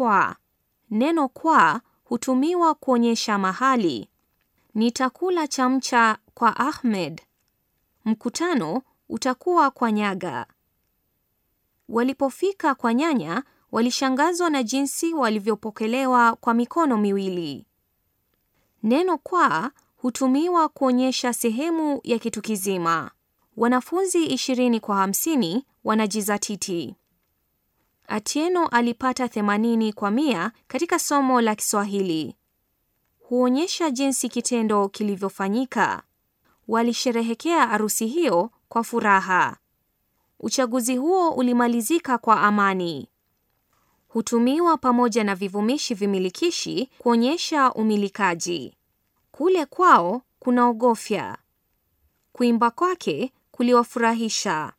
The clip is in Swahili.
kwa. Neno kwa hutumiwa kuonyesha mahali. Nitakula chamcha kwa Ahmed. Mkutano utakuwa kwa Nyaga. Walipofika kwa nyanya, walishangazwa na jinsi walivyopokelewa kwa mikono miwili. Neno kwa hutumiwa kuonyesha sehemu ya kitu kizima. Wanafunzi 2 kwa 50 wanajizatiti. Atieno alipata 80 kwa mia katika somo la Kiswahili. Huonyesha jinsi kitendo kilivyofanyika. Walisherehekea harusi hiyo kwa furaha. Uchaguzi huo ulimalizika kwa amani. Hutumiwa pamoja na vivumishi vimilikishi kuonyesha umilikaji. Kule kwao kunaogofya. Kuimba kwake kuliwafurahisha.